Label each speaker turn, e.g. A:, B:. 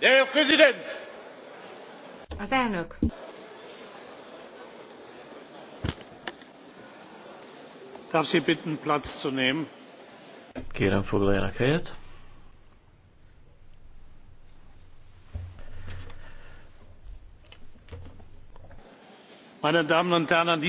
A: Der Präsident! Az elnök.
B: Darf Sie bitten, Platz zu nehmen?
C: Kérem, foglaljanak helyet.
D: Meine Damen und Herren,